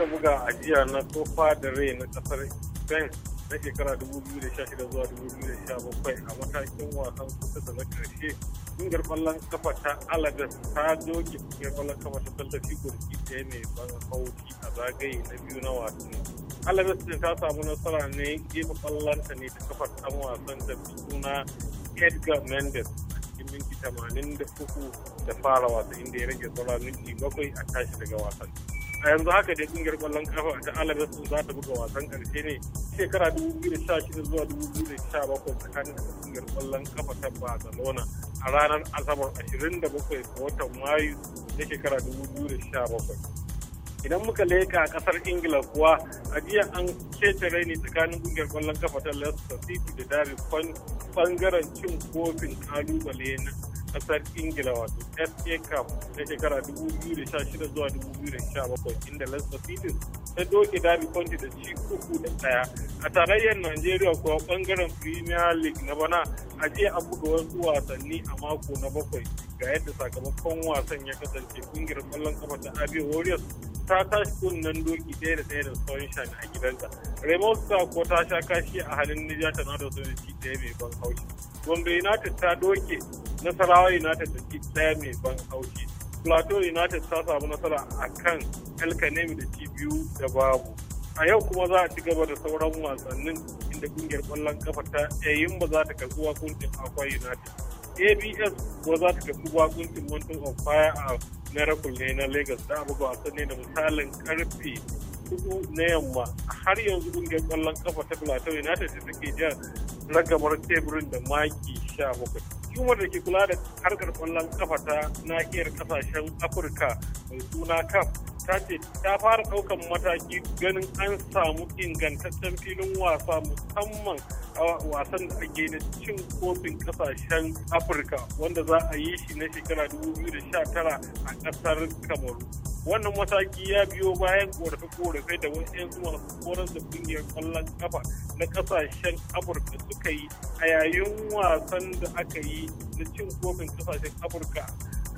aka buga a jiya na Copa da rai na kasar Spain na shekara 2016 zuwa 2017 a matakin wasan kusa da na karshe kungiyar kwallon kafa ta Alaves ta doke kungiyar kwallon kafa ta tallafi gurki ɗaya mai ban hauki a zagaye na biyu na wasan Alaves din ta samu nasara ne gefe kwallonta ne ta kafa ɗan wasan da suna Edgar Mendes cikin minti 83 da fara wasa inda ya rage sauran minti bakwai a tashi daga wasan. a yanzu haka dai kungiyar kwallon kafa ta alabar sun za ta buga wasan karshe ne shekara 2016 zuwa 2017 tsakanin kungiyar kwallon kafa ta barcelona a ranar asabar 27 ga watan mayu na shekara 2017 idan muka leka kasar ingila kuwa a jiya an kece raini tsakanin kungiyar kwallon kafa ta leicester city da derby bangaren cin kofin kalubale na kasar ingila wato fa cup ta shekara 2016 zuwa 2017 inda leicester city ta doke derby county da ci uku da daya a tarayyar nigeria kuwa bangaren premier league na bana a jiya an buga wasu wasanni a mako na bakwai ga yadda sakamakon wasan ya kasance kungiyar kwallon kafa ta abia warriors ta tashi kunnen doki ɗaya da ɗaya da sunshine a gidanta remote star ko ta sha kashi a halin nijar na da sun ci ɗaya mai ban haushi gombe united ta doke nasarawa united da ci daya mai ban haushi plateau united ta samu nasara a kan elkanemi da ci biyu da babu a yau kuma za a ci gaba da sauran wasannin inda kungiyar kwallon kafa ta yayin ba za ta kasu wakuntin akwa united abs ba za ta kasu wakuntin mountain of fire a miracle ne na lagos da abubuwa a ne da misalin karfe hudu na yamma har yanzu kungiyar kwallon kafa ta plateau united da take jan ragamar teburin da maki sha bakwai hukumar da ke kula da harkar kwallon kafa ta nahiyar kasashen afirka mai suna kaf ta ce ta fara ɗaukan mataki ganin an samu ingantaccen filin wasa musamman a wasan da ake na cin kofin kasashen afirka wanda za a yi shi na shekara 2019 a ƙasar kamaru wannan mataki ya biyo bayan ƙorafe ƙorafe da wasu masu horar da kungiyar kwallon kafa na kasashen afirka suka yi a yayin wasan da aka yi na cin kofin kasashen afirka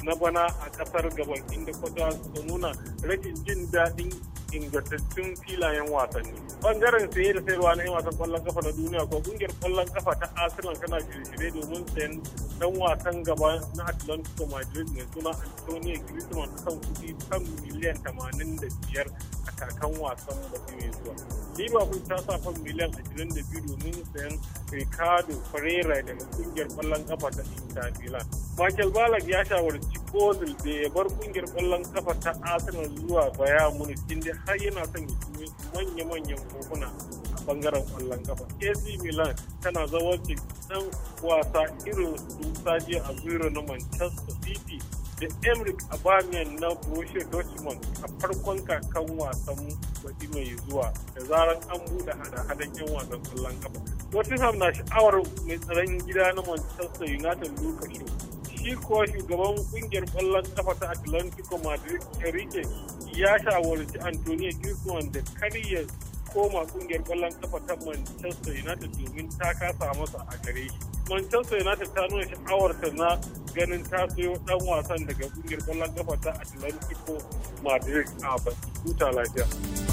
na bana a kasar gabon inda kwata su nuna rashin jin daɗin ingantattun filayen wasanni bangaren saye da sayarwa na yin wasan kwallon kafa na duniya ko kungiyar kwallon kafa ta arsenal tana shirye-shirye domin sayan dan wasan gaba na atlantico madrid mai suna antonio griezmann kan kuɗi kan miliyan 85 a kakan wasan su mai zuwa. Liverpool ta sa fan miliyan 22 domin sayan Ricardo Pereira daga kungiyar ƙwallon kafa ta Inter Milan. Michael Ballack ya shawarci Ozil da ya bar kungiyar ƙwallon kafa ta Arsenal zuwa Bayern Munich inda har yana son ya ci manya-manyan kofuna a bangaren ƙwallon kafa. AC Milan tana zawarci ɗan wasa irin su Sergio Aguero na Manchester City da emric abamian na borussia dortmund a farkon kakan wasan wasi mai zuwa da zarar an buɗe hada-hadan yan wasan kwallon kafa tottenham na sha'awar mai tsaron gida na manchester united lokacin shi kuwa shugaban kungiyar kwallon kafa ta atlantico madrid enrique ya shawarci antonio griezmann da karyar koma kungiyar kwallon kafa ta Manchester United domin ta kasa masa a gare shi. Manchester United ta nuna sha'awarta na ganin ta sayo dan wasan daga kungiyar kwallon kafa ta Atlantico Madrid a Batuta lafiya.